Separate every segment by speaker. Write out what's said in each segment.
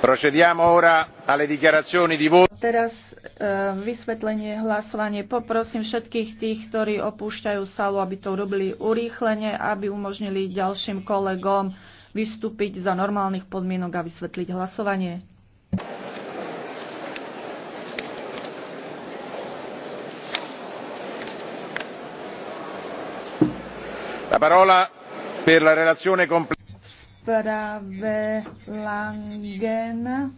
Speaker 1: procediamo ora alle dichiarazioni di voto.
Speaker 2: Teraz eh, vysvetlenie hlasovanie. Poprosím všetkých tých, ktorí opúšťajú sálu, aby to robili urýchlene, aby umožnili ďalším kolegom vystúpiť za normálnych podmienok a vysvetliť hlasovanie.
Speaker 1: La parola per la relazione completa
Speaker 2: správe Langen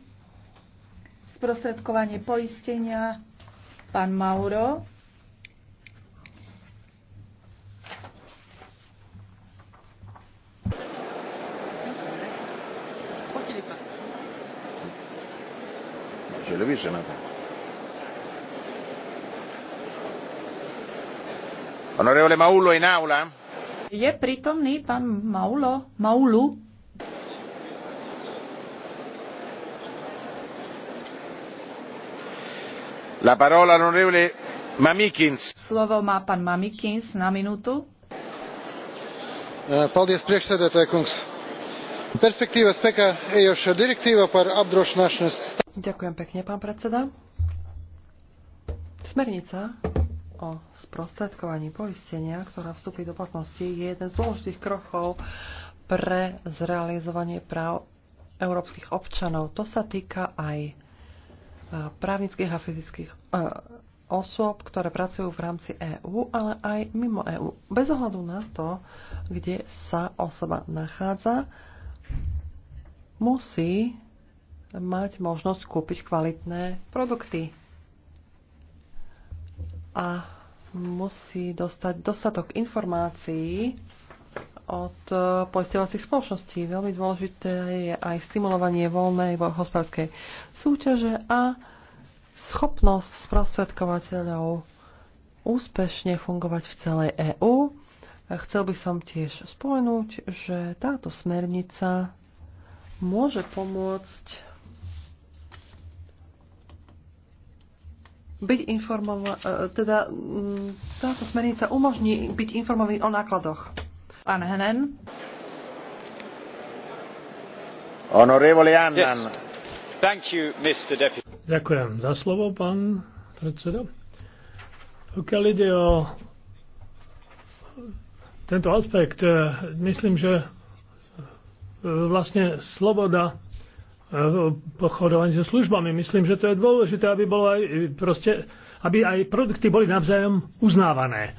Speaker 2: sprostredkovanie poistenia pán Mauro.
Speaker 3: Je l'ai vu ce
Speaker 1: Maulo in aula?
Speaker 2: Je prítomný pán Maulo? Maulu?
Speaker 1: La parola onorevole Mamikins.
Speaker 2: Slovo má pán Mamikins na minútu. Eh, paldies priekšsēdētāj kungs.
Speaker 4: Perspektīva spēkā ejošā direktíva par apdrošināšanas...
Speaker 3: Ďakujem pekne, pán predseda. Smernica o sprostredkovaní poistenia, ktorá vstúpi do platnosti, je jeden z dôležitých krokov pre zrealizovanie práv európskych občanov. To sa týka aj právnických a fyzických osôb, ktoré pracujú v rámci EÚ, ale aj mimo EÚ. Bez ohľadu na to, kde sa osoba nachádza, musí mať možnosť kúpiť kvalitné produkty a musí dostať dostatok informácií od eh, poistovacích spoločností. Veľmi dôležité je aj stimulovanie voľnej hospodárskej súťaže a schopnosť sprostredkovateľov úspešne fungovať v celej EÚ. Chcel by som tiež spomenúť, že táto smernica môže pomôcť byť informovaná, eh, teda mm, táto smernica umožní byť informovaný o nákladoch Pán Henen.
Speaker 1: Honorevole Annan. Yes. Thank you, Mr. Deputy.
Speaker 4: Ďakujem za slovo, pán predseda. Pokiaľ ide o tento aspekt, eh, myslím, že eh, vlastne sloboda eh, pochodovanie so službami. Myslím, že to je dôležité, aby, bolo aj, proste, aby aj produkty boli navzájom uznávané.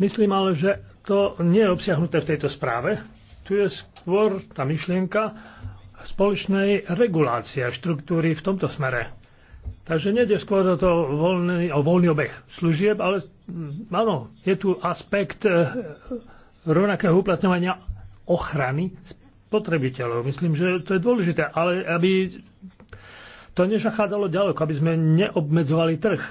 Speaker 4: Myslím ale, že to nie je obsiahnuté v tejto správe. Tu je skôr tá myšlienka spoločnej regulácie a štruktúry v tomto smere. Takže nejde skôr o, to voľný, o voľný obeh služieb, ale mm, áno, je tu aspekt e, rovnakého uplatňovania ochrany spotrebiteľov. Myslím, že to je dôležité, ale aby to nezachádzalo ďaleko, aby sme neobmedzovali trh.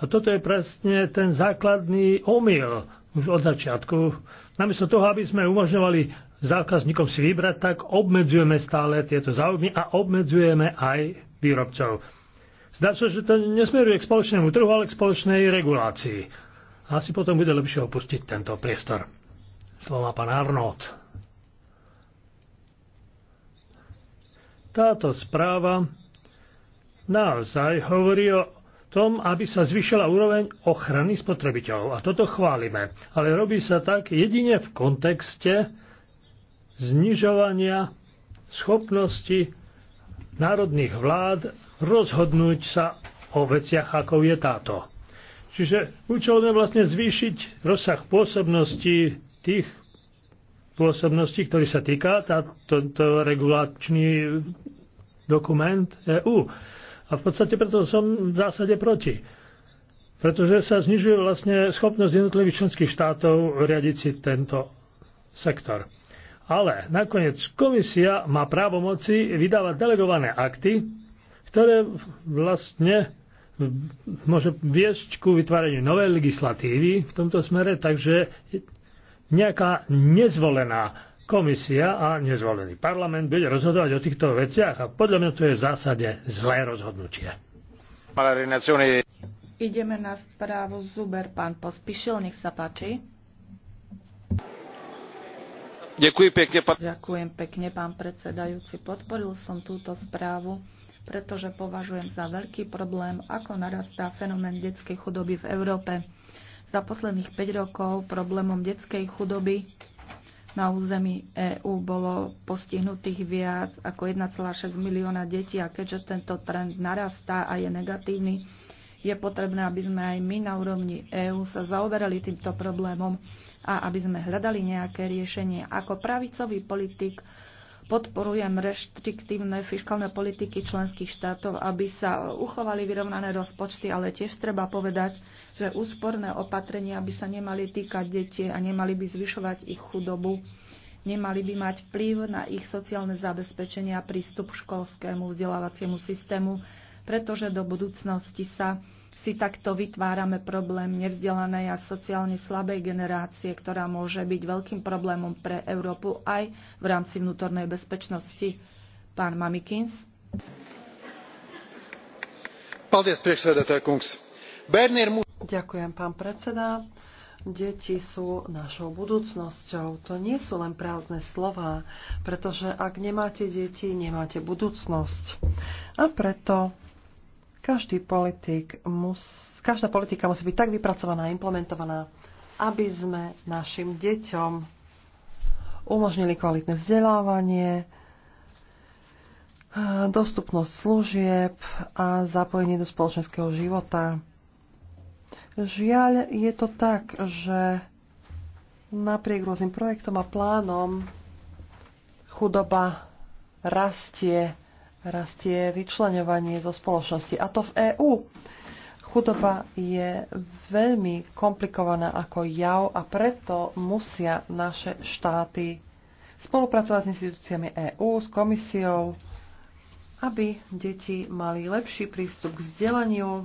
Speaker 4: A toto je presne ten základný omyl, už od začiatku. Namiesto toho, aby sme umožňovali zákazníkom si vybrať, tak obmedzujeme stále tieto záujmy a obmedzujeme aj výrobcov. Zdá sa, že to nesmeruje k spoločnému trhu, ale k spoločnej regulácii. Asi potom bude lepšie opustiť tento priestor. Slovo má pán Arnold. Táto správa naozaj hovorí o tom, aby sa zvyšila úroveň ochrany spotrebiteľov. A toto chválime. Ale robí sa tak jedine v kontexte znižovania schopnosti národných vlád rozhodnúť sa o veciach, ako je táto. Čiže účelom je vlastne zvýšiť rozsah pôsobnosti tých pôsobností, ktorý sa týka táto regulačný dokument EU. A v podstate preto som v zásade proti. Pretože sa znižuje vlastne schopnosť jednotlivých členských štátov riadiť si tento sektor. Ale nakoniec komisia má právomoci vydávať delegované akty, ktoré vlastne môže viesť ku vytváreniu novej legislatívy v tomto smere, takže nejaká nezvolená komisia a nezvolený parlament bude rozhodovať o týchto veciach a podľa mňa to je v zásade zlé rozhodnutie.
Speaker 2: Ideme na správu Zuber, pán Pospišil, nech sa páči. Ďakujem pekne, pán... Ďakujem pekne, pán predsedajúci. Podporil som túto správu, pretože považujem za veľký problém, ako narastá fenomén detskej chudoby v Európe. Za posledných 5 rokov problémom detskej chudoby na území EÚ bolo postihnutých viac ako 1,6 milióna detí a keďže tento trend narastá a je negatívny, je potrebné, aby sme aj my na úrovni EÚ sa zaoberali týmto problémom a aby sme hľadali nejaké riešenie. Ako pravicový politik Podporujem reštriktívne fiskálne politiky členských štátov, aby sa uchovali vyrovnané rozpočty, ale tiež treba povedať, že úsporné opatrenia by sa nemali týkať detí a nemali by zvyšovať ich chudobu, nemali by mať vplyv na ich sociálne zabezpečenie a prístup k školskému vzdelávaciemu systému, pretože do budúcnosti sa si takto vytvárame problém nevzdelanej a sociálne slabej generácie, ktorá môže byť veľkým problémom pre Európu aj v rámci vnútornej
Speaker 3: bezpečnosti. Pán Mamikins. Ďakujem, pán predseda. Deti sú našou budúcnosťou. To nie sú len prázdne slova, pretože ak nemáte deti, nemáte budúcnosť. A preto každý politik mus, každá politika musí byť tak vypracovaná a implementovaná, aby sme našim deťom umožnili kvalitné vzdelávanie, dostupnosť služieb a zapojenie do spoločenského života. Žiaľ, je to tak, že napriek rôznym projektom a plánom chudoba rastie rastie vyčlenovanie zo spoločnosti. A to v EÚ. Chudoba je veľmi komplikovaná ako jav a preto musia naše štáty spolupracovať s inštitúciami EÚ, s komisiou, aby deti mali lepší prístup k vzdelaniu, e,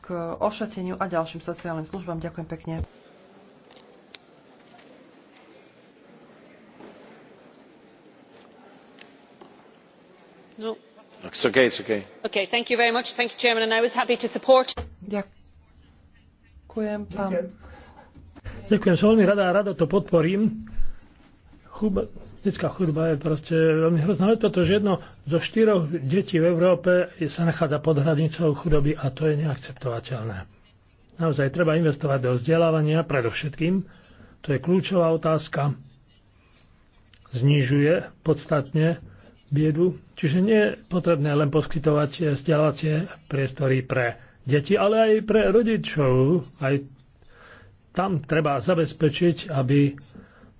Speaker 3: k ošateniu a ďalším sociálnym službám. Ďakujem pekne.
Speaker 4: Ďakujem, som veľmi rada a rado to podporím. detská chudoba je proste veľmi hrozná vec, pretože jedno zo štyroch detí v Európe sa nachádza pod hranicou chudoby a to je neakceptovateľné. Naozaj treba investovať do vzdelávania predovšetkým. To je kľúčová otázka. Znižuje podstatne biedu. Čiže nie je potrebné len poskytovať eh, vzdelávacie priestory pre deti, ale aj pre rodičov. Aj tam treba zabezpečiť, aby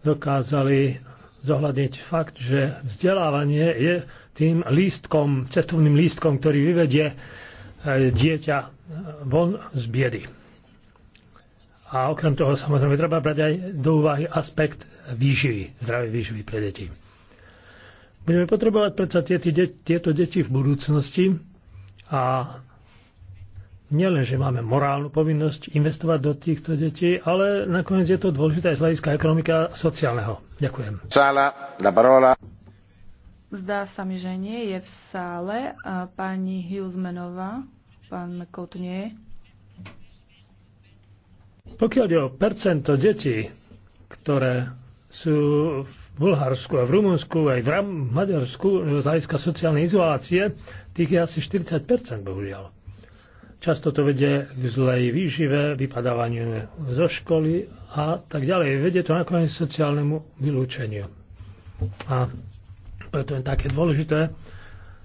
Speaker 4: dokázali zohľadniť fakt, že vzdelávanie je tým lístkom, cestovným lístkom, ktorý vyvedie eh, dieťa eh, von z biedy. A okrem toho samozrejme treba brať aj do úvahy aspekt výživy, zdravej výživy pre deti. Budeme potrebovať predsa tieto deti v budúcnosti a nielen, že máme morálnu povinnosť investovať do týchto detí, ale nakoniec je to dôležité aj z hľadiska ekonomika a sociálneho. Ďakujem.
Speaker 1: Sala, la parola.
Speaker 2: Zdá sa mi, že nie je v sále. A pani Hilsmenová, pán Mekot nie
Speaker 4: Pokiaľ je o percento detí, ktoré sú v Bulharsku a v Rumunsku aj v Maďarsku z hľadiska sociálnej izolácie, tých je asi 40 bohužiaľ. Často to vedie k zlej výžive, vypadávaniu zo školy a tak ďalej. Vedie to nakoniec sociálnemu vylúčeniu. A preto je také dôležité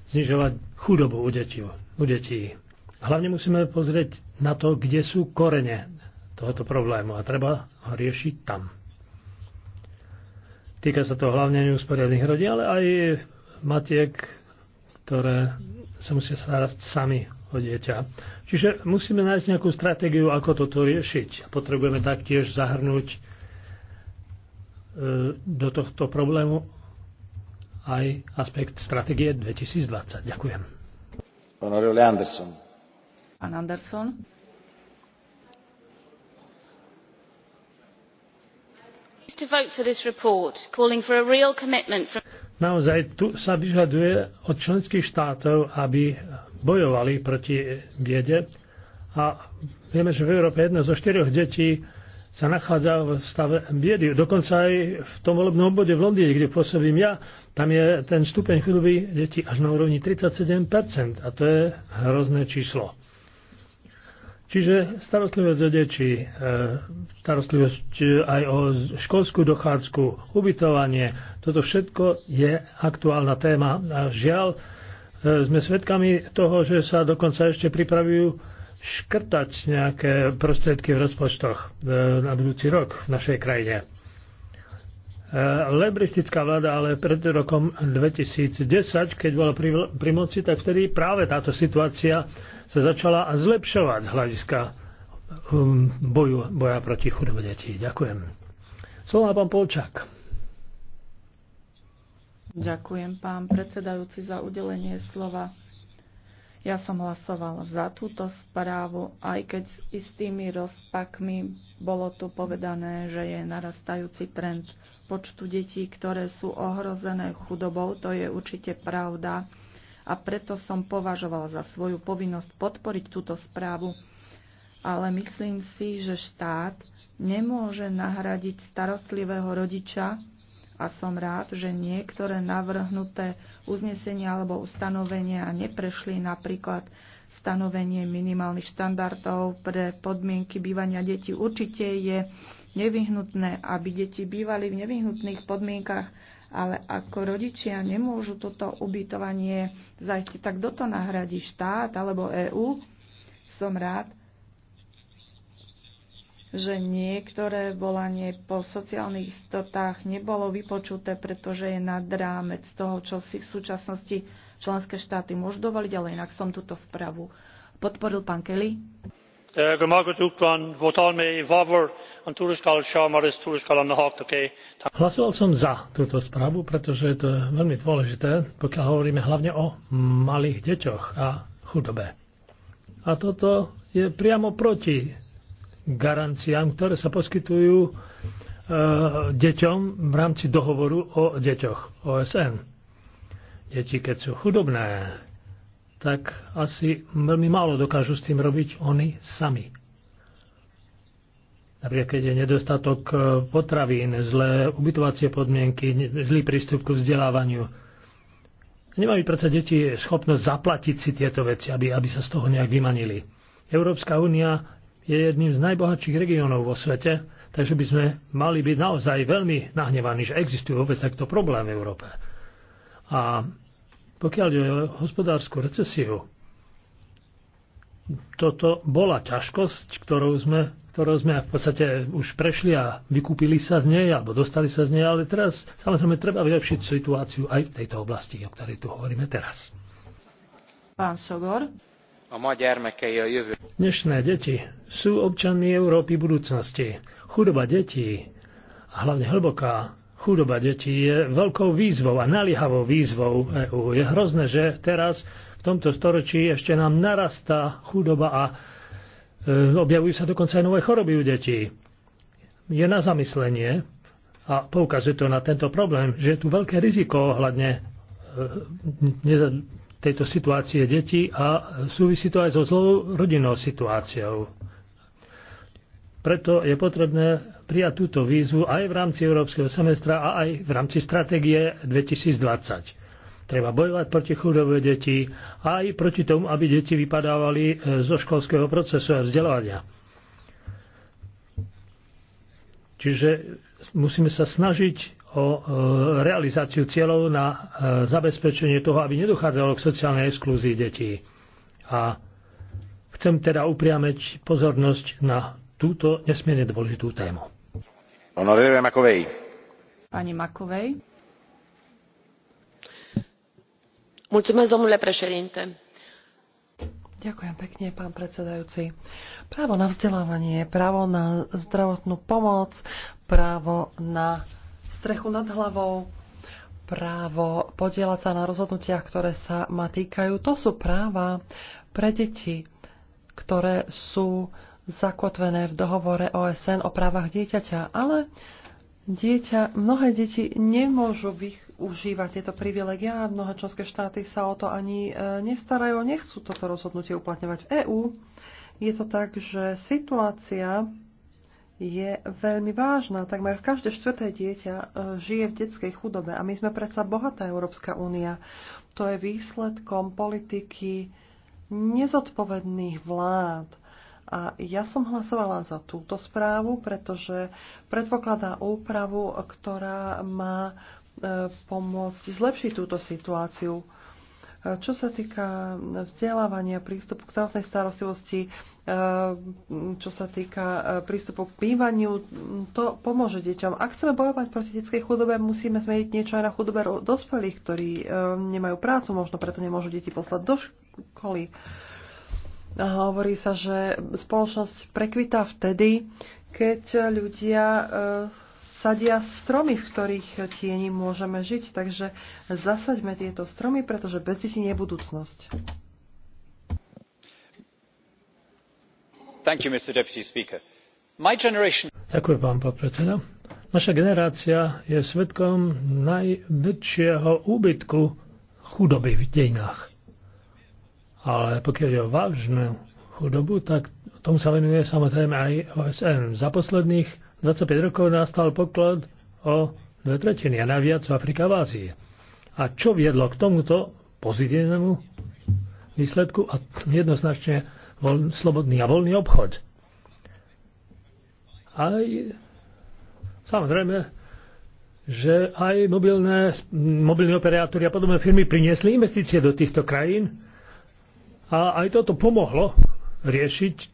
Speaker 4: znižovať chudobu u detí. U detí. Hlavne musíme pozrieť na to, kde sú korene tohoto problému a treba ho riešiť tam. Týka sa to hlavne neusporiadných rodín, ale aj matiek, ktoré sa musia starať sami o dieťa. Čiže musíme nájsť nejakú stratégiu, ako toto riešiť. Potrebujeme taktiež zahrnúť e, do tohto problému aj aspekt stratégie 2020. Ďakujem.
Speaker 1: Anderson.
Speaker 2: Pán Anderson.
Speaker 4: Naozaj tu sa vyžaduje od členských štátov, aby bojovali proti biede. A vieme, že v Európe jedno zo štyroch detí sa nachádza v stave biedy. Dokonca aj v tom volebnom obvode v Londýne, kde pôsobím ja, tam je ten stupeň chudoby detí až na úrovni 37%. A to je hrozné číslo. Čiže starostlivosť o deti, e, starostlivosť aj o školskú dochádzku, ubytovanie, toto všetko je aktuálna téma. A žiaľ, e, sme svedkami toho, že sa dokonca ešte pripravujú škrtať nejaké prostriedky v rozpočtoch e, na budúci rok v našej krajine. Eh, lebristická vláda, ale pred rokom 2010, keď bola pri, pri moci, tak vtedy práve táto situácia sa začala zlepšovať z hľadiska hm, boju, boja proti chudobe detí. Ďakujem. Slova pán Polčák.
Speaker 2: Ďakujem, pán predsedajúci, za udelenie slova. Ja som hlasoval za túto správu, aj keď s istými rozpakmi bolo tu povedané, že je narastajúci trend počtu detí, ktoré sú ohrozené chudobou. To je určite pravda. A preto som považovala za svoju povinnosť podporiť túto správu. Ale myslím si, že štát nemôže nahradiť starostlivého rodiča a som rád, že niektoré navrhnuté uznesenia alebo ustanovenia neprešli napríklad stanovenie minimálnych štandardov pre podmienky bývania detí. Určite je nevyhnutné, aby deti bývali v nevyhnutných podmienkach, ale ako rodičia nemôžu toto ubytovanie zaistiť, tak kto to nahradí? Štát alebo EÚ? Som rád, že niektoré volanie po sociálnych istotách nebolo vypočuté, pretože je nad rámec toho, čo si v súčasnosti členské štáty môžu dovoliť, ale inak som túto spravu podporil pán Kelly.
Speaker 4: E Hlasoval som za túto správu, pretože to veľmi dôležité, pokiaľ hovoríme hlavne o malých deťoch a chudobe. A toto je priamo proti garanciám, ktoré sa poskytujú e, deťom v rámci dohovoru o deťoch OSN. E Deti, keď sú chudobné, tak asi veľmi málo dokážu s tým robiť oni sami. Napríklad, keď je nedostatok e, potravín, zlé ubytovacie podmienky, zlý prístup k vzdelávaniu. Nemajú predsa deti schopnosť zaplatiť si tieto veci, aby, aby sa z toho nejak vymanili. Európska únia je jedným z najbohatších regiónov vo svete, takže by sme mali byť naozaj veľmi nahnevaní, že existujú vôbec takto problém v Európe. A pokiaľ je o hospodárskú recesiu, toto bola ťažkosť, ktorou sme, ktorou sme v podstate už prešli a vykúpili sa z nej, alebo dostali sa z nej, ale teraz samozrejme treba vylepšiť situáciu aj v tejto oblasti, o ktorej tu hovoríme teraz. Pán Sogor. A ma gyermekei a jövő. Dnešné deti sú občanmi Európy budúcnosti. Chudoba detí, a hlavne hlboká Chudoba detí je veľkou výzvou a naliehavou výzvou EÚ. Je hrozné, že teraz v tomto storočí ešte nám narastá chudoba a e, objavujú sa dokonca aj nové choroby u detí. Je na zamyslenie a poukazuje to na tento problém, že je tu veľké riziko ohľadne e, tejto situácie detí a súvisí to aj so zlou rodinnou situáciou. Preto je potrebné prijať túto výzvu aj v rámci Európskeho semestra a aj v rámci stratégie 2020. Treba bojovať proti chudobe detí a aj proti tomu, aby deti vypadávali e, zo školského procesu a vzdelávania. Čiže musíme sa snažiť o e, realizáciu cieľov na e, zabezpečenie toho, aby nedochádzalo k sociálnej exklúzii detí. A chcem teda upriameť pozornosť na túto nesmierne dôležitú tému
Speaker 1: domnule
Speaker 3: Ďakujem pekne, pán predsedajúci. Právo na vzdelávanie, právo na zdravotnú pomoc, právo na strechu nad hlavou, právo podieľať sa na rozhodnutiach, ktoré sa ma týkajú, to sú práva pre deti, ktoré sú zakotvené v dohovore OSN o právach dieťaťa, ale dieťa, mnohé deti nemôžu využívať tieto privilegia a mnohé členské štáty sa o to ani e, nestarajú, nechcú toto rozhodnutie uplatňovať. V EÚ je to tak, že situácia je veľmi vážna. Takmer každé štvrté dieťa e, žije v detskej chudobe a my sme predsa bohatá Európska únia. To je výsledkom politiky nezodpovedných vlád, a ja som hlasovala za túto správu, pretože predpokladá úpravu, ktorá má e, pomôcť zlepšiť túto situáciu. E, čo sa týka vzdelávania, prístupu k zdravotnej starostlivosti, e, čo sa týka prístupu k bývaniu, to pomôže deťom. Ak chceme bojovať proti detskej chudobe, musíme zmeniť niečo aj na chudobe dospelých, ktorí nemajú prácu, možno preto nemôžu deti poslať do školy. Hovorí sa, že spoločnosť prekvita vtedy, keď ľudia e, sadia stromy, v ktorých tieni môžeme žiť. Takže zasaďme tieto stromy, pretože bez detí nie je budúcnosť.
Speaker 2: Thank you, Mr. Deputy Speaker.
Speaker 4: My generation... Ďakujem, pán podpredseda. Naša generácia je svetkom najväčšieho úbytku chudoby v dejinách. Ale pokiaľ je o vážnu chudobu, tak tomu sa venuje samozrejme aj OSN. Za posledných 25 rokov nastal poklad o dve tretiny a najviac v Afrika a v Ázii. A čo viedlo k tomuto pozitívnemu výsledku a jednoznačne voľ, slobodný a voľný obchod. Aj samozrejme, že aj mobilné, mobilní operátori a podobné firmy priniesli investície do týchto krajín a aj toto pomohlo riešiť e,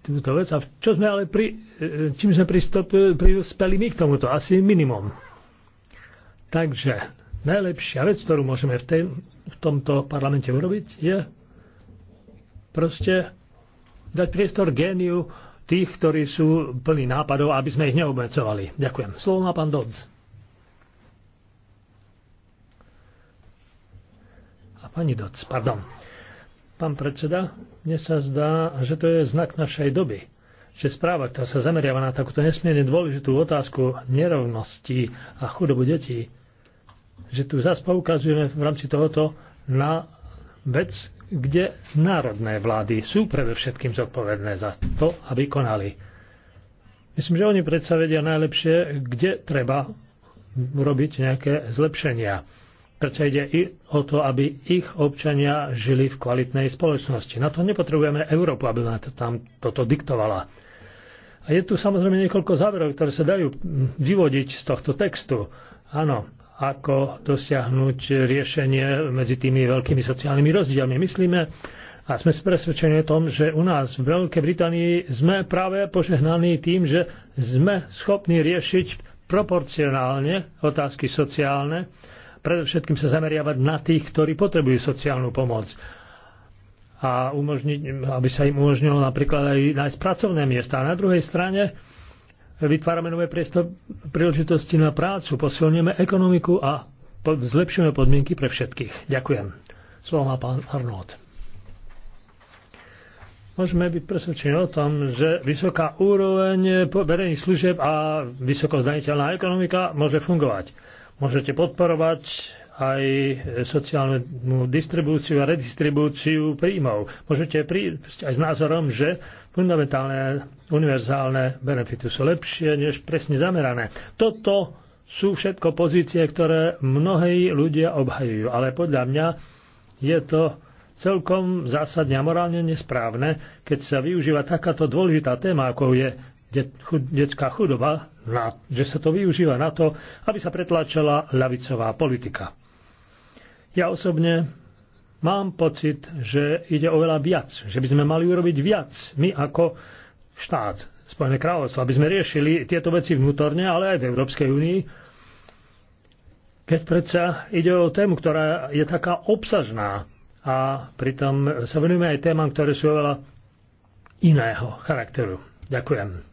Speaker 4: túto vec. A čo sme ale pri, e, čím sme prispeli my k tomuto? Asi minimum. Takže najlepšia vec, ktorú môžeme v, tej, v tomto parlamente urobiť, je proste dať priestor géniu tých, ktorí sú plní nápadov, aby sme ich neobmedzovali. Ďakujem. Slovo má pán Dodz. A pani Dodz, pardon. Pán predseda, mne sa zdá, že to je znak našej doby, že správa, ktorá sa zameriava na takúto nesmierne dôležitú otázku nerovnosti a chudobu detí, že tu zase poukazujeme v rámci tohoto na vec, kde národné vlády sú predovšetkým zodpovedné za to, aby konali. Myslím, že oni predsa vedia najlepšie, kde treba urobiť nejaké zlepšenia. Preto ide i o to, aby ich občania žili v kvalitnej spoločnosti. Na to nepotrebujeme Európu, aby nám to, tam toto diktovala. A je tu samozrejme niekoľko záverov, ktoré sa dajú vyvodiť z tohto textu. Áno, ako dosiahnuť riešenie medzi tými veľkými sociálnymi rozdielmi. Myslíme a sme presvedčení o tom, že u nás v Veľkej Británii sme práve požehnaní tým, že sme schopní riešiť proporcionálne otázky sociálne predovšetkým sa zameriavať na tých, ktorí potrebujú sociálnu pomoc a umožniť, aby sa im umožnilo napríklad aj nájsť pracovné miesta. A na druhej strane vytvárame nové priestor, príležitosti na prácu, posilňujeme ekonomiku a zlepšujeme podmienky pre všetkých. Ďakujem. Slovo má pán Arnold. Môžeme byť presvedčení o tom, že vysoká úroveň verejných služieb a vysokozdaniteľná ekonomika môže fungovať. Môžete podporovať aj sociálnu distribúciu a redistribúciu príjmov. Môžete prísť aj s názorom, že fundamentálne univerzálne benefity sú lepšie než presne zamerané. Toto sú všetko pozície, ktoré mnohí ľudia obhajujú, ale podľa mňa je to celkom zásadne a morálne nesprávne, keď sa využíva takáto dôležitá téma, ako je detská chudoba, na, že sa to využíva na to, aby sa pretláčala ľavicová politika. Ja osobne mám pocit, že ide oveľa viac, že by sme mali urobiť viac my ako štát, Spojené kráľovstvo, aby sme riešili tieto veci vnútorne, ale aj v Európskej únii. Keď predsa ide o tému, ktorá je taká obsažná a pritom sa venujeme aj témam, ktoré sú oveľa iného charakteru. Ďakujem.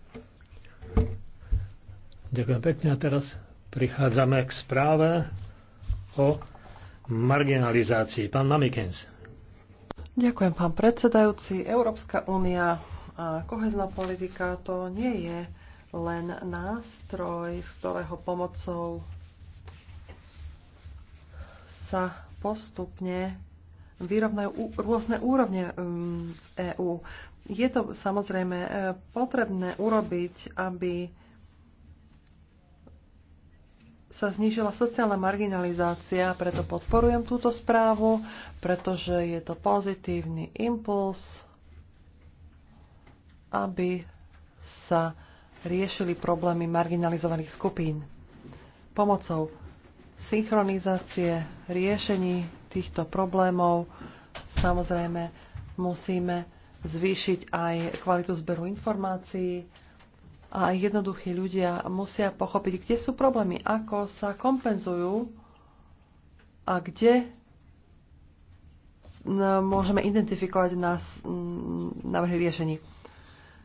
Speaker 4: Ďakujem pekne a teraz prichádzame k správe o marginalizácii. Pán Mamikens.
Speaker 3: Ďakujem, pán predsedajúci. Európska únia a kohezná politika to nie je len nástroj, z ktorého pomocou sa postupne vyrovnajú rôzne úrovne um, EÚ. Je to samozrejme eh, potrebné urobiť, aby sa znížila sociálna marginalizácia, preto podporujem túto správu, pretože je to pozitívny impuls, aby sa riešili problémy marginalizovaných skupín pomocou synchronizácie riešení týchto problémov. Samozrejme, musíme zvýšiť aj kvalitu zberu informácií, a jednoduchí ľudia musia pochopiť, kde sú problémy, ako sa kompenzujú a kde môžeme identifikovať nás návrhy riešení.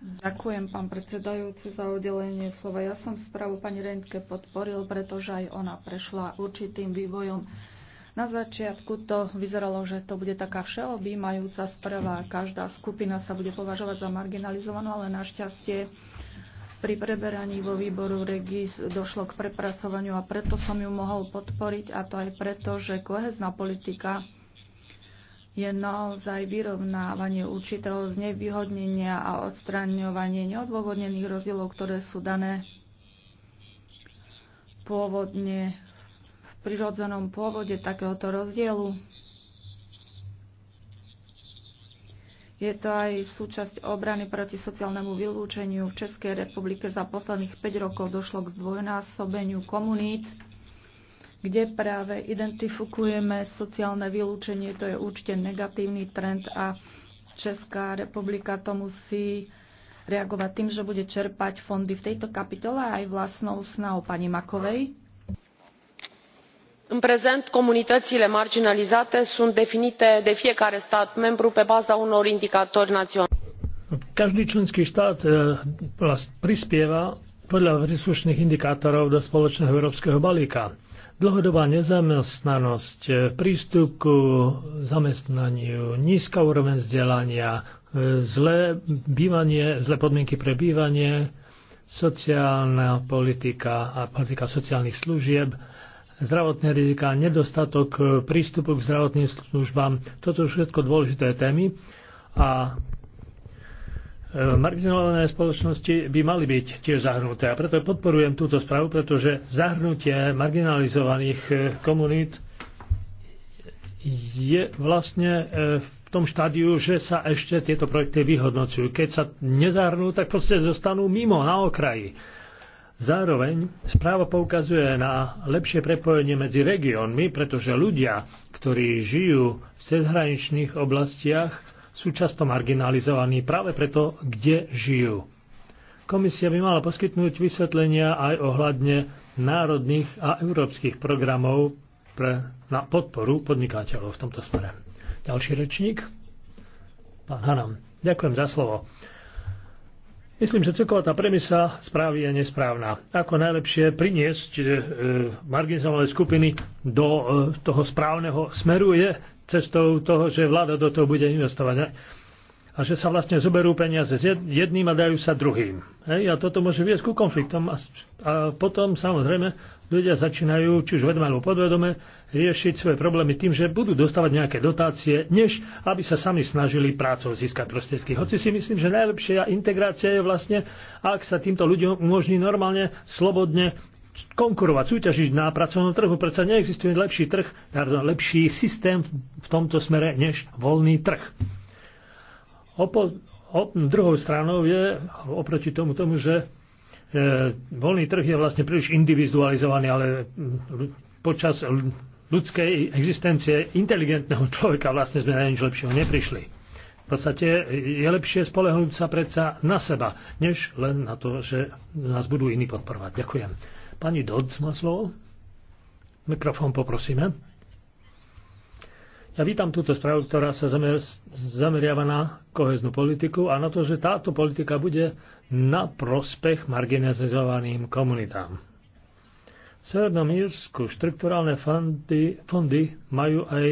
Speaker 2: Ďakujem, pán predsedajúci, za udelenie slova. Ja som správu pani Rentke podporil, pretože aj ona prešla určitým vývojom. Na začiatku to vyzeralo, že to bude taká všeobjímajúca správa. Každá skupina sa bude považovať za marginalizovanú, ale našťastie pri preberaní vo výboru Regis došlo k prepracovaniu a preto som ju mohol podporiť a to aj preto, že kohezná politika je naozaj vyrovnávanie určitého znevýhodnenia a odstraňovanie neodôvodnených rozdielov, ktoré sú dané pôvodne v prirodzenom pôvode takéhoto rozdielu. Je to aj súčasť obrany proti sociálnemu vylúčeniu. V Českej republike za posledných 5 rokov došlo k zdvojnásobeniu komunít, kde práve identifikujeme sociálne vylúčenie. To je určite negatívny trend a Česká republika to musí reagovať tým, že bude čerpať fondy v tejto kapitole aj vlastnou snahou pani Makovej
Speaker 5: în prezent comunitățile marginalizate sunt definite de fiecare stat membru pe baza unor indicatori naționali.
Speaker 4: Každý členský štát eh, prispieva podľa príslušných indikátorov do spoločného európskeho balíka. Dlhodobá nezamestnanosť, eh, prístup k zamestnaniu, nízka úroveň vzdelania, eh, zlé, bývanie, zlé podmienky pre bývanie, sociálna politika a politika sociálnych služieb zdravotné rizika, nedostatok e, prístupu k zdravotným službám. Toto sú všetko dôležité témy a e, marginalizované spoločnosti by mali byť tiež zahrnuté. A preto podporujem túto správu, pretože zahrnutie marginalizovaných e, komunít je vlastne v tom štádiu, že sa ešte tieto projekty vyhodnocujú. Keď sa nezahrnú, tak proste zostanú mimo, na okraji. Zároveň správa poukazuje na lepšie prepojenie medzi regiónmi, pretože ľudia, ktorí žijú v cezhraničných oblastiach, sú často marginalizovaní práve preto, kde žijú. Komisia by mala poskytnúť vysvetlenia aj ohľadne národných a európskych programov pre, na podporu podnikateľov v tomto smere. Ďalší rečník, pán Hanam. Ďakujem za slovo. Myslím, že celková tá premisa správy je nesprávna. Ako najlepšie priniesť e, e, marginalizované skupiny do e, toho správneho smeru je cestou toho, že vláda do toho bude investovať a že sa vlastne zoberú peniaze s jedným a dajú sa druhým. Hej, a toto môže viesť ku konfliktom a, a potom samozrejme ľudia začínajú, či už vedme alebo podvedome, riešiť svoje problémy tým, že budú dostávať nejaké dotácie, než aby sa sami snažili prácou získať prostriedky. Hoci si myslím, že najlepšia integrácia je vlastne, ak sa týmto ľuďom umožní normálne, slobodne konkurovať, súťažiť na pracovnom trhu. Prečo neexistuje lepší trh, lepší systém v tomto smere než voľný trh. Opo- o, druhou stranou je oproti tomu tomu, že e, voľný trh je vlastne príliš individualizovaný, ale počas ľudskej existencie inteligentného človeka vlastne sme na nič lepšieho neprišli. V podstate je lepšie spolehnúť sa predsa na seba, než len na to, že nás budú iní podporovať. Ďakujem. Pani Dodds má slovo. Mikrofón poprosíme. Ja vítam túto správu, ktorá sa zameriava na koheznú politiku a na to, že táto politika bude na prospech marginalizovaným komunitám. V Severnom Írsku štrukturálne fondy, fondy majú aj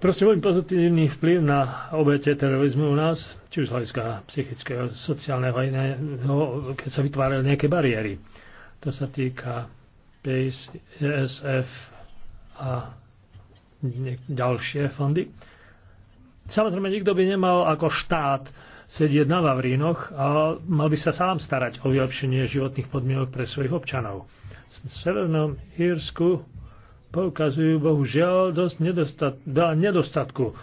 Speaker 4: proste veľmi pozitívny vplyv na obete terorizmu u nás, či už z hľadiska psychického, sociálneho a iného, keď sa vytvárajú nejaké bariéry. To sa týka PACE, ESF a ďalšie fondy. Samozrejme, nikto by nemal ako štát sedieť na Vavrínoch a mal by sa sám starať o vylepšenie životných podmienok pre svojich občanov. V Severnom Hírsku poukazujú bohužiaľ dosť nedostat, nedostatku e,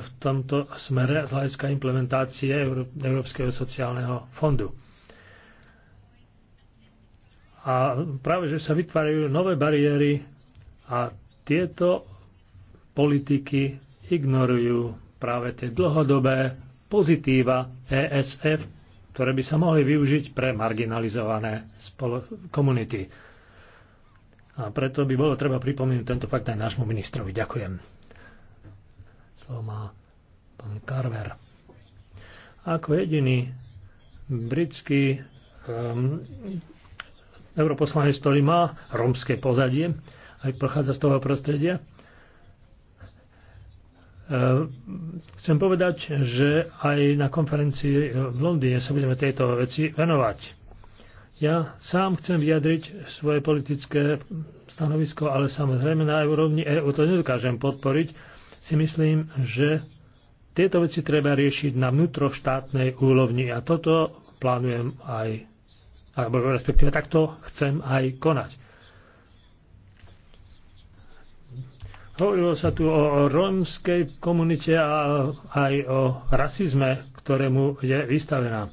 Speaker 4: v tomto smere z hľadiska implementácie Euró- Európskeho sociálneho fondu. A práve, že sa vytvárajú nové bariéry a tieto politiky ignorujú práve tie dlhodobé pozitíva ESF, ktoré by sa mohli využiť pre marginalizované komunity. A preto by bolo treba pripomínať tento fakt aj nášmu ministrovi. Ďakujem. Slovo má pán Carver. Ako jediný britský um, europoslanec, ktorý má romské pozadie, aj pochádza z toho prostredia, Eh, chcem povedať, že aj na konferencii v Londýne sa budeme tejto veci venovať. Ja sám chcem vyjadriť svoje politické stanovisko, ale samozrejme na úrovni EU to nedokážem podporiť. Si myslím, že tieto veci treba riešiť na vnútroštátnej úrovni a toto plánujem aj, alebo respektíve takto chcem aj konať. Hovorilo sa tu o rómskej komunite a aj o rasizme, ktorému je vystavená.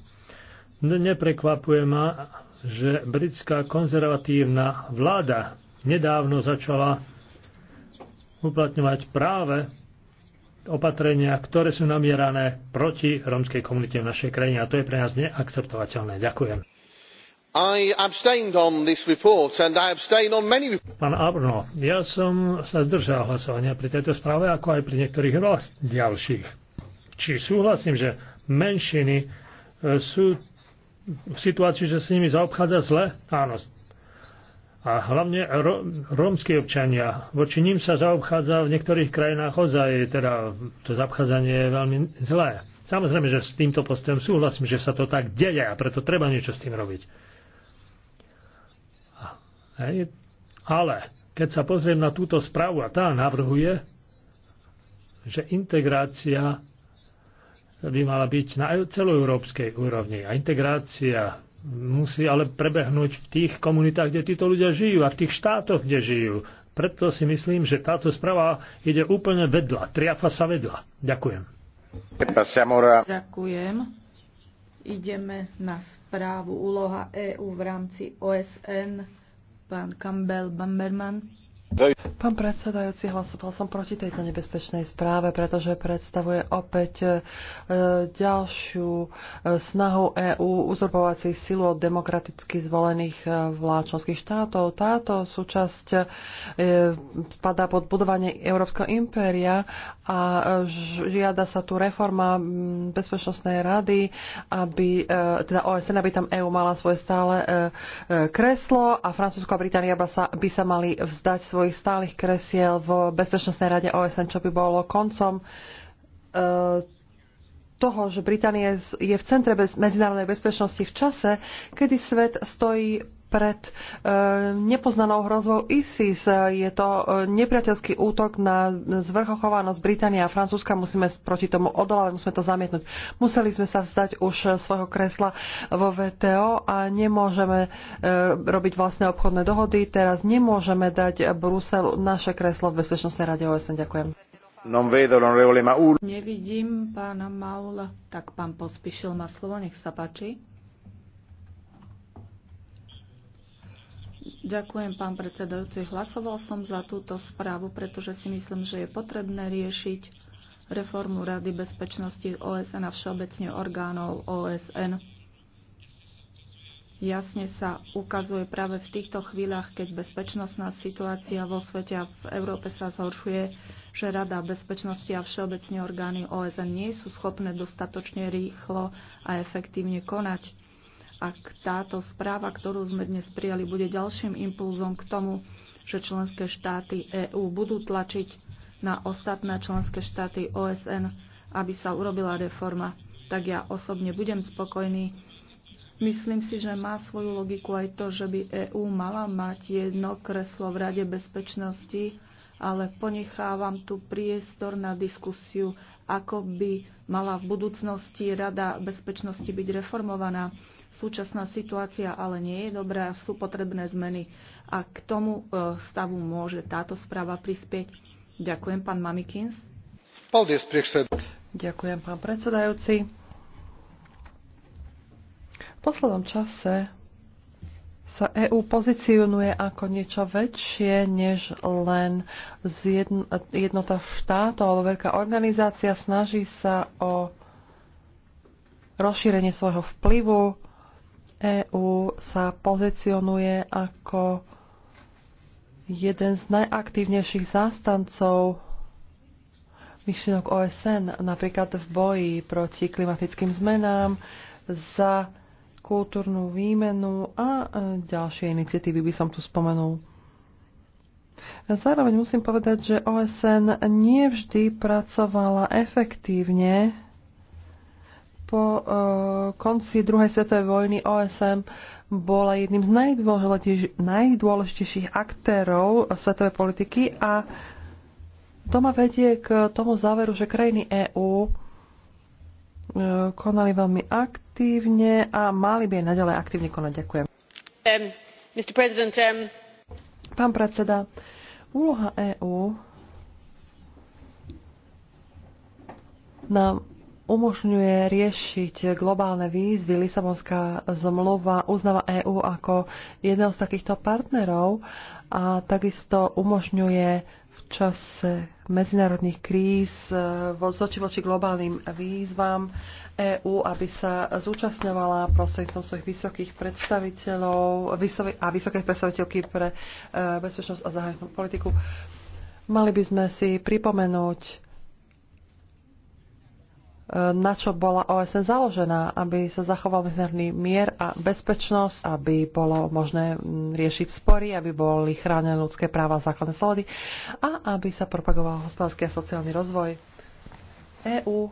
Speaker 4: Neprekvapuje ma, že britská konzervatívna vláda nedávno začala uplatňovať práve opatrenia, ktoré sú namierané proti rómskej komunite v našej krajine. A to je pre nás neakceptovateľné. Ďakujem
Speaker 5: i abstained on this report and i abstain on
Speaker 4: many Pán Abno, ja som sa zdržal hlasovania pri tejto správe, ako aj pri niektorých ďalších. Či súhlasím, že menšiny e, sú v situácii, že s nimi zaobchádza zle? Áno. A hlavne ro- rómsky občania. Voči ním sa zaobchádza v niektorých krajinách ozaj, teda to zaobchádzanie je veľmi zlé. Samozrejme, že s týmto postojom súhlasím, že sa to tak deje a preto treba niečo s tým robiť. Hej. Ale keď sa pozriem na túto správu a tá navrhuje, že integrácia by mala byť na celoeurópskej úrovni. A integrácia musí ale prebehnúť v tých komunitách, kde títo ľudia žijú a v tých štátoch, kde žijú. Preto si myslím, že táto správa ide úplne vedľa, triafa sa vedľa. Ďakujem. Ďakujem.
Speaker 2: Ideme
Speaker 3: na správu úloha EÚ v rámci OSN pán Campbell Bamberman. Pán predsedajúci, hlasoval som proti tejto nebezpečnej správe, pretože predstavuje opäť e, ďalšiu e, snahu EÚ uzurpovať si silu od demokraticky zvolených e, vláčovských štátov. Táto súčasť e, spadá pod budovanie Európskeho impéria a žiada sa tu reforma Bezpečnostnej rady, aby, teda OSN, aby tam EÚ mala svoje stále kreslo a Francúzsko a Británia by sa, by sa mali vzdať svoje svojich stálych kresiel v Bezpečnostnej rade OSN, čo by bolo koncom e, toho, že Británie je v centre medzinárodnej bezpečnosti v čase, kedy svet stojí pred e, nepoznanou hrozbou ISIS. E, je to e, nepriateľský útok na zvrchochovanosť Británie a Francúzska. Musíme proti tomu odolávať, musíme to zamietnúť. Museli sme sa vzdať už svojho kresla vo VTO a nemôžeme robiť vlastné obchodné dohody. Teraz nemôžeme dať Bruselu naše kreslo v Bezpečnostnej rade OSN. Ďakujem.
Speaker 2: Nevidím pána Maula. Tak pán Pospišil má slovo, nech sa páči. Ďakujem, pán predsedajúci. Hlasoval som za túto správu, pretože si myslím, že je potrebné riešiť reformu Rady bezpečnosti OSN a všeobecne orgánov OSN. Jasne sa ukazuje práve v týchto chvíľach, keď bezpečnostná situácia vo svete a v Európe sa zhoršuje, že Rada bezpečnosti a všeobecne orgány OSN nie sú schopné dostatočne rýchlo a efektívne konať ak táto správa, ktorú sme dnes prijali, bude ďalším impulzom k tomu, že členské štáty EÚ budú tlačiť na ostatné členské štáty OSN, aby sa urobila reforma, tak ja osobne budem spokojný. Myslím si, že má svoju logiku aj to, že by EÚ mala mať jedno kreslo v Rade bezpečnosti, ale ponechávam tu priestor na diskusiu, ako by mala v budúcnosti Rada bezpečnosti byť reformovaná. Súčasná situácia ale nie je dobrá, sú potrebné zmeny a k tomu e, stavu môže táto správa prispieť. Ďakujem, pán Mamikins.
Speaker 3: Ďakujem, pán predsedajúci. V poslednom čase sa EÚ pozicionuje ako niečo väčšie než len jednota štátov alebo veľká organizácia. Snaží sa o rozšírenie svojho vplyvu, EÚ sa pozicionuje ako jeden z najaktívnejších zástancov myšlienok OSN, napríklad v boji proti klimatickým zmenám, za kultúrnu výmenu a e, ďalšie iniciatívy by som tu spomenul. Zároveň musím povedať, že OSN nevždy pracovala efektívne po e, konci druhej svetovej vojny OSM bola jedným z najdôležitejších aktérov svetovej politiky a to ma vedie k tomu záveru, že krajiny EÚ e, konali veľmi aktívne a mali by aj naďalej aktívne konať. Ďakujem.
Speaker 5: Um, um
Speaker 3: Pán predseda, úloha EÚ nám umožňuje riešiť globálne výzvy. Lisabonská zmluva uznáva EÚ ako jedného z takýchto partnerov a takisto umožňuje v čase medzinárodných kríz eh, zoči voči globálnym výzvam EÚ, aby sa zúčastňovala prostredníctvom svojich vysokých predstaviteľov a vysoké predstaviteľky pre eh, bezpečnosť a zahraničnú politiku. Mali by sme si pripomenúť na čo bola OSN založená, aby sa zachoval medzinárodný mier a bezpečnosť, aby bolo možné riešiť spory, aby boli chránené ľudské práva a základné slobody a aby sa propagoval hospodársky a sociálny rozvoj. EÚ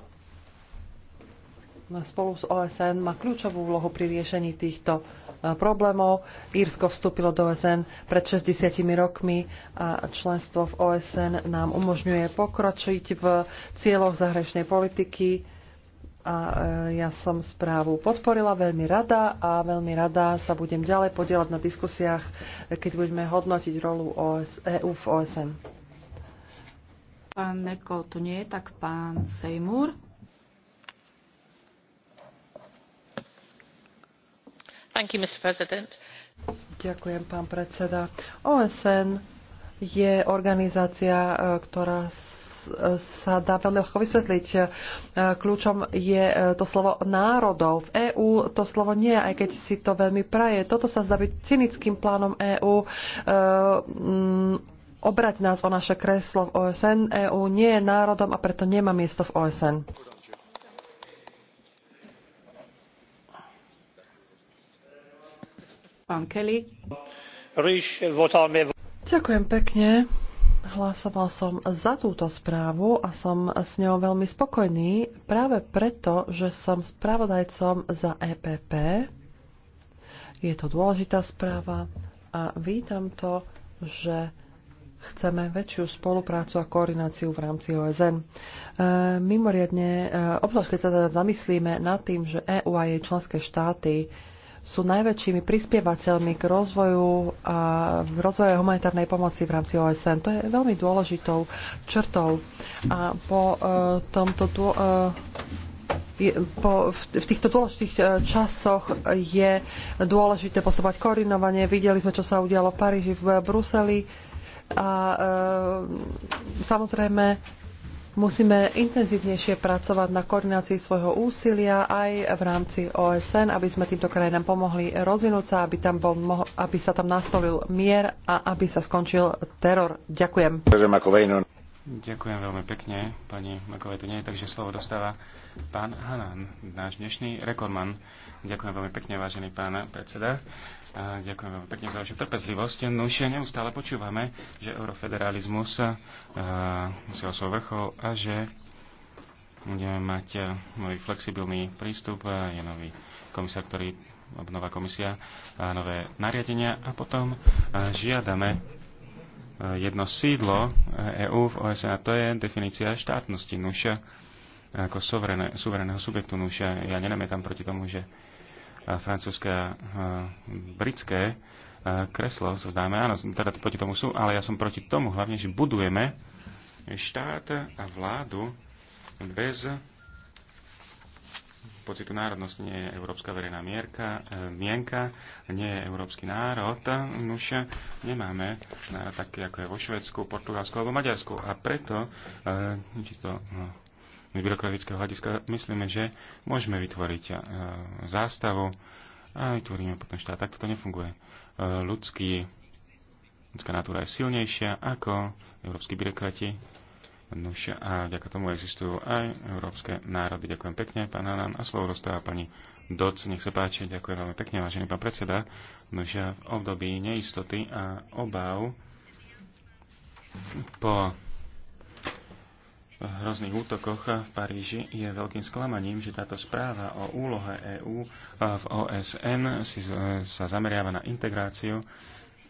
Speaker 3: spolu s OSN má kľúčovú úlohu pri riešení týchto Eh, problémov. Írsko vstúpilo do OSN pred 60 rokmi a členstvo v OSN nám umožňuje pokročiť v cieľoch zahraničnej politiky. A eh, ja som správu podporila veľmi rada a veľmi rada sa budem ďalej podielať na diskusiách, keď budeme hodnotiť rolu OS, EU v OSN.
Speaker 2: Pán Merkel, tu nie, tak
Speaker 3: pán Sejmur.
Speaker 5: Ďakujem,
Speaker 3: pán predseda. OSN je organizácia, e, ktorá e, sa dá veľmi ľahko vysvetliť. E, kľúčom je to slovo národov. V EÚ to slovo nie, aj keď si to veľmi praje. Toto sa zdá byť cynickým plánom EÚ. Obrať nás o naše kreslo v OSN. EÚ nie je národom a preto nemá miesto v OSN. Pán Kelly. Ďakujem pekne. Hlasoval som za túto správu a som s ňou veľmi spokojný práve preto, že som spravodajcom za EPP. Je to dôležitá správa a vítam to, že chceme väčšiu spoluprácu a koordináciu v rámci OSN. E, mimoriadne, e, obzvlášť keď sa teda zamyslíme nad tým, že EU a jej členské štáty sú najväčšími prispievateľmi k rozvoju a rozvoju humanitárnej pomoci v rámci OSN. To je veľmi dôležitou črtou. A po uh, tomto dô, uh, je, po, v, v týchto dôležitých e, časoch je dôležité posúvať koordinovanie. Videli sme, čo sa udialo v Paríži, v Bruseli. A e, uh, samozrejme Musíme intenzívnejšie pracovať na koordinácii svojho úsilia aj v rámci OSN, aby sme týmto krajinám pomohli rozvinúť sa, aby, tam bol, aby sa tam nastolil mier a aby sa skončil teror. Ďakujem.
Speaker 1: Ďakujem veľmi pekne. Pani Makovej tu nie je, takže slovo dostáva pán Hanan, náš dnešný rekordman. Ďakujem veľmi pekne, vážený pán predseda. A ďakujem veľmi pekne za vašu trpezlivosť. No už neustále počúvame, že eurofederalizmus o svoj vrchol a že budeme mať nový flexibilný prístup, a je nový komisár, ktorý, nová komisia, a nové nariadenia a potom žiadame Eh, jedno sídlo EÚ eh, e v OSN a to je definícia štátnosti nuša eh, ako suverené, subjektu nuša. Ja nenamietam proti tomu, že francúzske a britské kreslo sa zdáme, áno, teda proti tomu sú, ale ja som proti tomu hlavne, že budujeme štát a vládu bez pocitu národnosti. Nie je európska verejná mierka, e, mienka, nie je európsky národ. nuž nemáme národ taký, ako je vo Švedsku, Portugalsku alebo Maďarsku. A preto, e, čisto no, z byrokratického hľadiska, myslíme, že môžeme vytvoriť e, zástavu a vytvoríme potom štát. Takto to nefunguje. Ľudský, ľudská natúra je silnejšia ako európsky byrokrati Nuž no a vďaka tomu existujú aj európske národy. Ďakujem pekne, pán Hanan. A slovo dostáva pani Doc. Nech sa páči. Ďakujem veľmi pekne, vážený pán predseda. Nuž no v období neistoty a obav po hrozných útokoch v Paríži je veľkým sklamaním, že táto správa o úlohe EÚ v OSN si, sa zameriava na integráciu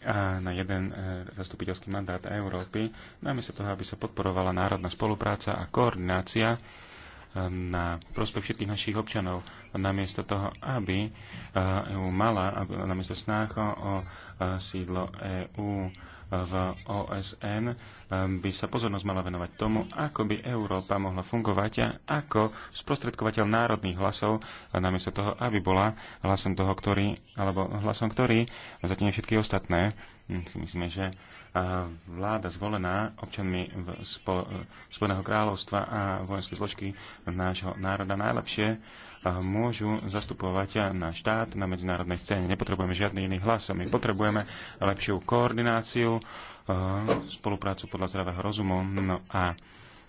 Speaker 1: a na jeden e, zastupiteľský mandát Európy, namiesto toho, aby sa podporovala národná spolupráca a koordinácia na prospech všetkých našich občanov, namiesto toho, aby EU eh, e mala, aby, namiesto snách o eh, sídlo EU eh, v OSN, by sa pozornosť mala venovať tomu, ako by Európa mohla fungovať a ako sprostredkovateľ národných hlasov, namiesto toho, aby bola hlasom toho, ktorý, alebo hlasom, ktorý zatím všetky ostatné. Hm, myslíme, že vláda zvolená občanmi Spojeného kráľovstva a vojenské zložky nášho národa najlepšie môžu zastupovať na štát na medzinárodnej scéne. Nepotrebujeme žiadny iný hlas, my potrebujeme lepšiu koordináciu, spoluprácu podľa zdravého rozumu no a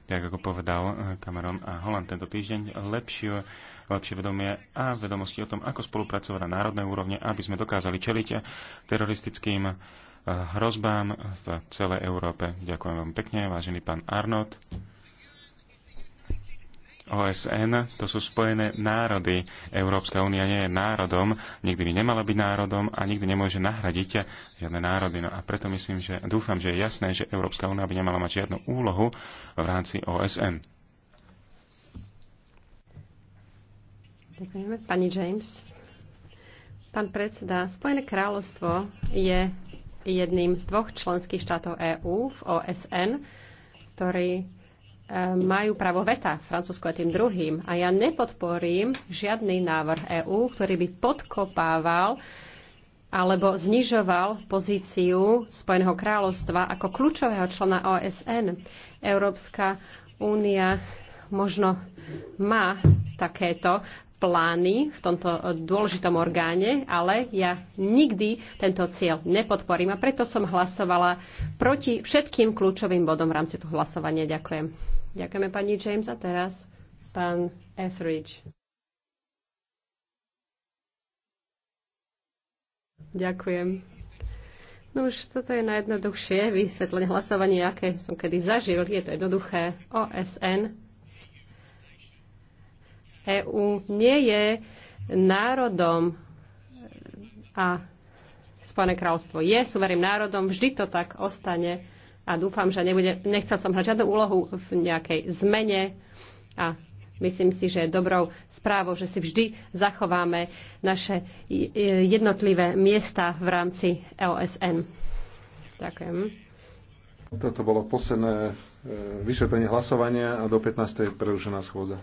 Speaker 1: tak ako povedal Cameron a Holland tento týždeň, lepšie, lepšie vedomie a vedomosti o tom, ako spolupracovať na národnej úrovne, aby sme dokázali čeliť teroristickým hrozbám v celej Európe. Ďakujem veľmi pekne, vážený pán Arnold. OSN, to sú spojené národy. Európska únia nie je národom, nikdy by nemala byť národom a nikdy nemôže nahradiť žiadne národy. No a preto myslím, že dúfam, že je jasné, že Európska únia by nemala mať žiadnu úlohu v rámci OSN.
Speaker 5: Ďakujeme. Pani James. Pán predseda, Spojené kráľovstvo je jedným z dvoch členských štátov EÚ v OSN, ktorí e, majú právo veta, Francúzsko je tým druhým. A ja nepodporím žiadny návrh EÚ, ktorý by podkopával alebo znižoval pozíciu Spojeného kráľovstva ako kľúčového člena OSN. Európska únia možno má takéto plány v tomto e, dôležitom orgáne, ale ja nikdy tento cieľ nepodporím a preto som hlasovala proti všetkým kľúčovým bodom v rámci toho hlasovania. Ďakujem. Ďakujeme pani James a teraz pán Etheridge. Ďakujem. No už toto je najjednoduchšie vysvetlenie hlasovania, aké som kedy zažil. Je to jednoduché. OSN EÚ nie je národom a Spojené kráľovstvo je suverým národom, vždy to tak ostane a dúfam, že nebude, nechcel som hrať žiadnu úlohu v nejakej zmene a myslím si, že je dobrou správou, že si vždy zachováme naše jednotlivé miesta v rámci LSN. Ďakujem.
Speaker 4: Toto bolo posledné e, vysvetlenie hlasovania a do 15. je prerušená schôdza.